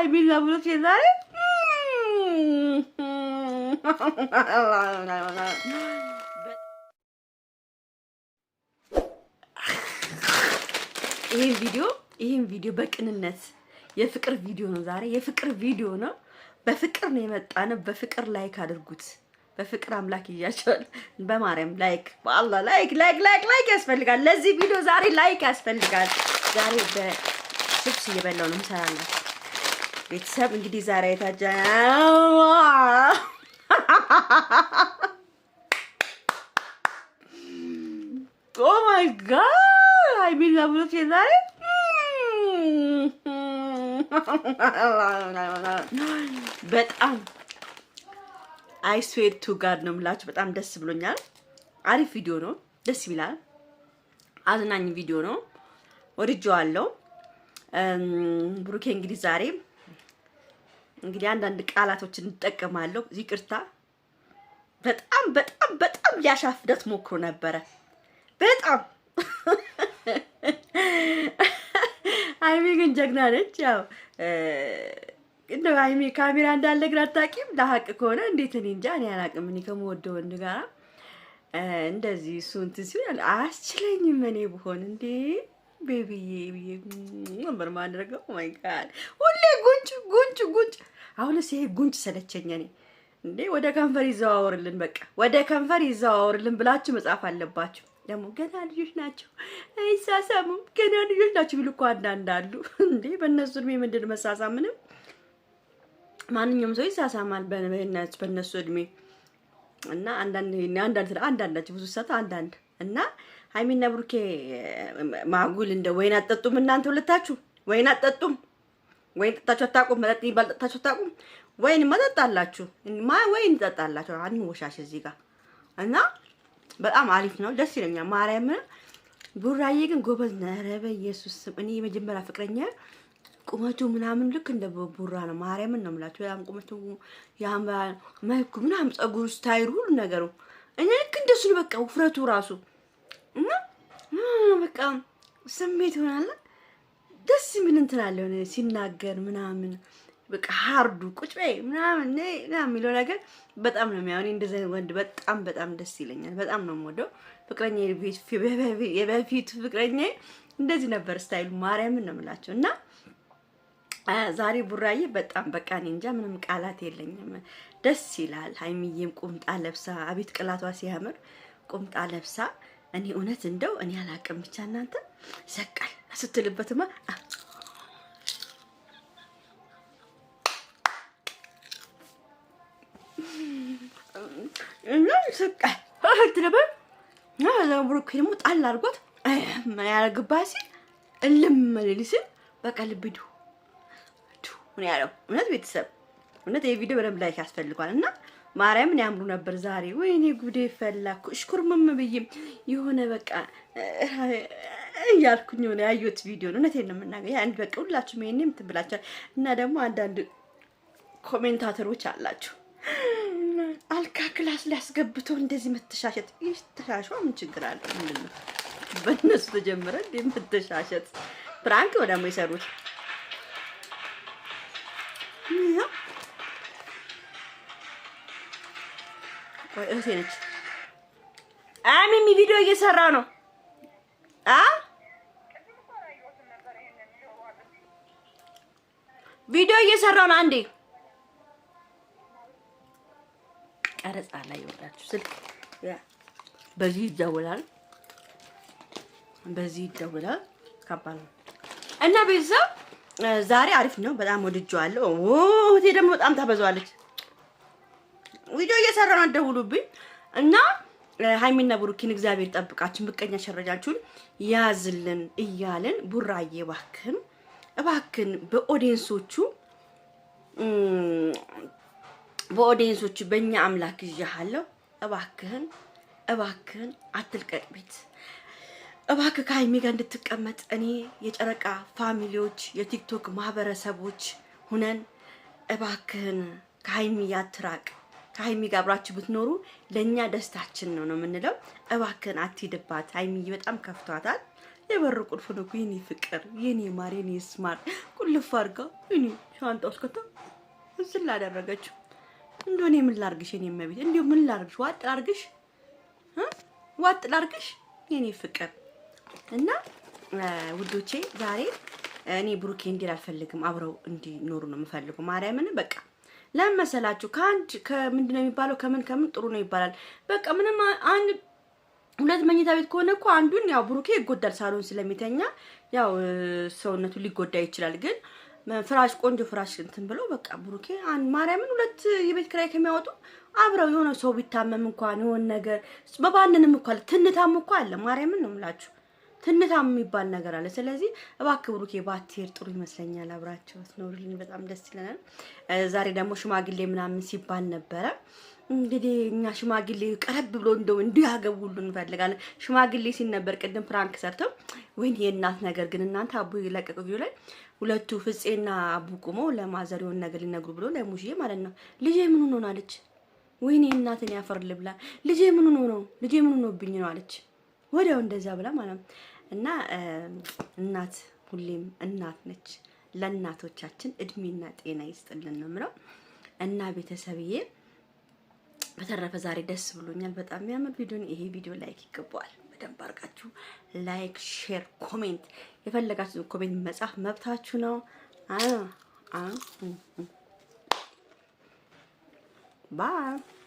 Dai, mille velocità. ይህን ቪዲዮ ይህን ቪዲዮ በቅንነት የፍቅር ቪዲዮ ነው። ዛሬ የፍቅር ቪዲዮ ነው። በፍቅር ነው የመጣነው። በፍቅር ላይክ አድርጉት። በፍቅር አምላክ ይያቸዋል። በማርያም ላይክ፣ በአላህ ላይክ፣ ላይክ፣ ላይክ፣ ላይክ ያስፈልጋል። ለዚህ ቪዲዮ ዛሬ ላይክ ያስፈልጋል። ዛሬ በችፕስ እየበላው ነው ምሰራለን ቤተሰብ እንግዲህ ዛሬ አይታጃ ኦ ማይ ጋድ ሃይሚን ዛብሎት የዛሬ በጣም አይ ስዌር ቱ ጋድ ነው የምላችሁ። በጣም ደስ ብሎኛል። አሪፍ ቪዲዮ ነው፣ ደስ ይላል። አዝናኝ ቪዲዮ ነው፣ ወድጄዋለሁ። ብሩኬ እንግዲህ ዛሬ እንግዲህ አንዳንድ ቃላቶችን እንጠቀማለሁ። ይቅርታ። በጣም በጣም በጣም ሊያሻፍደት ሞክሮ ነበረ። በጣም ሀይሜ ግን ጀግና ነች። ያው እንደ ሀይሜ ካሜራ እንዳለ ግን አታውቂም። ለሀቅ ከሆነ እንዴት እኔ እንጃ እኔ አላውቅም። እኔ ከምወደው ወንድ ጋር እንደዚህ እሱ እንትን ሲሆን አያስችለኝም እኔ ብሆን እንዴ ቤቢዬ ብዬ ነበር ማድረገው። ማይ ጋድ ሁሌ ጉንጭ ጉንጭ ጉንጭ። አሁንስ ይሄ ጉንጭ ሰለቸኝ እኔ እንዴ። ወደ ከንፈር ይዘዋወርልን፣ በቃ ወደ ከንፈር ይዘዋወርልን ብላችሁ መጻፍ አለባችሁ። ደግሞ ገና ልጆች ናቸው አይሳሳሙም፣ ገና ልጆች ናቸው ቢሉ እኮ አንዳንድ አሉ እንዴ። በእነሱ እድሜ ምንድን ምንም ማንኛውም ሰው ይሳሳማል እድሜ እና አንዳንድ አንዳንድ ብዙ አንዳንድ እና ሀይሚና ብሩኬ ማጉል እንደ ወይን አጠጡም እናንተ ሁለታችሁ ወይን አጠጡም ወይን ጠጣችሁ አታውቁም መጠጥ ይባል ጠጣችሁ አታውቁም ወይን መጠጣላችሁ ማ ወይን ጠጣላችሁ አንወሻሽ እዚህ ጋር እና በጣም አሪፍ ነው ደስ ይለኛል ማርያም ቡራዬ ግን ጎበዝ ነው ኧረ በኢየሱስ ስም እኔ የመጀመሪያ ፍቅረኛ ቁመቱ ምናምን ልክ እንደ ቡራ ነው ማርያምን ነው የምላችሁ በጣም ቁመቱ ያምራል መልኩ ምናምን ፀጉሩ ስታይሉ ሁሉ ነገሩ እኔ ልክ እንደሱ ነው በቃ ውፍረቱ ራሱ እና በቃ ስሜት ይሆናል። ደስ ምን እንትላለሁ ሲናገር ምናምን በቃ ሀርዱ ቁጭ በይ ምናምን የሚለው ነገር በጣም ነው የሚያሆን። እንደዚህ ወንድ በጣም በጣም ደስ ይለኛል። በጣም ነው የምወደው። ፍቅረኛ የበፊቱ ፍቅረኛ እንደዚህ ነበር ስታይሉ። ማርያምን ነው የምላቸው እና ዛሬ ቡራዬ በጣም በቃ እኔ እንጃ ምንም ቃላት የለኝም። ደስ ይላል። ሀይሚዬም ቁምጣ ለብሳ አቤት ቅላቷ ሲያምር ቁምጣ ለብሳ እኔ እውነት እንደው እኔ አላቅም ብቻ እናንተ ሰቃል ስትልበትማ ሰቃል ትልበት ብሮኬ ደግሞ ጣል አድርጎት ያረግባ ሲል እልም ልል ሲል በቃ ልብ ዱ ምን ያለው እውነት ቤተሰብ እውነት ይሄ ቪዲዮ በደንብ ላይክ ያስፈልጓል እና ማርያምን ያምሩ ነበር ዛሬ። ወይኔ ጉዴ ፈላ እሽኩርምም ብዬ የሆነ በቃ እያልኩኝ የሆነ ያየሁት ቪዲዮ ነው። እውነቴን ነው የምናገኝ አንድ በቃ ሁላችሁም ይሄኔ የምትብላችኋል እና ደግሞ አንዳንድ ኮሜንታተሮች አላችሁ አልጋ ክላስ ሊያስገብተው እንደዚህ መተሻሸት ይተሻሸ ምን ችግር አለ? ምንድን ነው በእነሱ ተጀመረ እንደ መተሻሸት ፕራንክ ወደሞ የሰሩት እህቴ ነች። አሚሚ ቪዲዮ እየሰራ ነው አ ቪዲዮ እየሰራው ነው። አንዴ ቀረጻ ላይ ይወጣችሁ ስልክ ያ በዚህ ይደውላል፣ በዚህ ይደውላል። ከባድ ነው እና ቤተሰብ ዛሬ አሪፍ ነው። በጣም ወድጄዋለሁ። እህቴ ደግሞ በጣም ታበዛዋለች። ቪዲዮ እየሰራን አደውሉብኝ እና ሀይሚና ብሩኪን እግዚአብሔር ጠብቃችሁ ምቀኛ ሸረጃችሁን ያዝልን እያልን ቡራዬ፣ እባክህን እባክህን በኦዲየንሶቹ በኦዲየንሶቹ በእኛ አምላክ ይዣሃለሁ፣ እባክህን እባክህን አትልቀቅ ቤት እባክህ ከሀይሚ ጋር እንድትቀመጥ እኔ የጨረቃ ፋሚሊዎች የቲክቶክ ማህበረሰቦች ሁነን እባክህን ከሀይሚ ያትራቅ። ከሀይሚ ጋር አብራችሁ ብትኖሩ ለእኛ ደስታችን ነው ነው የምንለው። እባክን አትሂድባት። ሀይሚ በጣም ከፍቷታል። የበሩ ቁልፍ ነው እኮ የኔ ፍቅር፣ የኔ ማር፣ የኔ ስማር ቁልፍ አድርጋ እኔ ሻንጣ ውስጥ ከታ እዚህ ላደረገችው እንደው እኔ ምን ላርግሽ? የኔ መቤት እንዲሁ ምን ላርግሽ? ዋጥ ላርግሽ? ዋጥ ላርግሽ? የኔ ፍቅር እና ውዶቼ ዛሬ እኔ ብሩኬ እንዲል አልፈልግም። አብረው እንዲኖሩ ነው የምፈልጉ። ማርያምን በቃ ለምን መሰላችሁ? ከአንድ ከምንድን ነው የሚባለው? ከምን ከምን ጥሩ ነው ይባላል። በቃ ምንም አንድ ሁለት መኝታ ቤት ከሆነ እኮ አንዱን ያው ብሩኬ ይጎዳል፣ ሳሎን ስለሚተኛ ያው ሰውነቱ ሊጎዳ ይችላል። ግን ፍራሽ ቆንጆ ፍራሽ እንትን ብለው በቃ ብሩኬ ማርያምን ሁለት የቤት ክራይ ከሚያወጡ አብረው የሆነ ሰው ቢታመም እንኳን የሆን ነገር በባንንም እንኳን ትንታም እኮ አለ ማርያምን ነው የምላችሁ ትንታ የሚባል ነገር አለ። ስለዚህ እባክህ ብሩኬ ባትሄድ ጥሩ ይመስለኛል። አብራቸው ስኖርልኝ በጣም ደስ ይለናል። ዛሬ ደግሞ ሽማግሌ ምናምን ሲባል ነበረ። እንግዲህ እኛ ሽማግሌ ቀረብ ብሎ እንደው እንዲያገቡ ሁሉ እንፈልጋለን። ሽማግሌ ሲል ነበር ቅድም ፍራንክ ሰርተው ወይኔ የእናት ነገር ግን እናንተ አቡ የለቀቁ ቪዲዮ ላይ ሁለቱ ፍፄና አቡ ቁመው ለማዘሪውን ነገር ሊነግሩ ብሎ ለሙሽዬ ማለት ነው ልጄ ምኑ ነው አለች። ወይኔ እናትን ያፈር ልብላ ልጄ ምኑን ነው ልጄ ምኑ ነው ብኝ ነው አለች። ወዲያው እንደዛ ብላ ማለት እና እናት ሁሌም እናት ነች። ለእናቶቻችን እድሜና ጤና ይስጥልን ነው ምለው እና ቤተሰብዬ በተረፈ ዛሬ ደስ ብሎኛል። በጣም የሚያምር ቪዲዮ ነው። ይሄ ቪዲዮ ላይክ ይገባዋል። በደንብ አርጋችሁ ላይክ፣ ሼር፣ ኮሜንት የፈለጋችሁ ኮሜንት መጻፍ መብታችሁ ነው። አ አ ባይ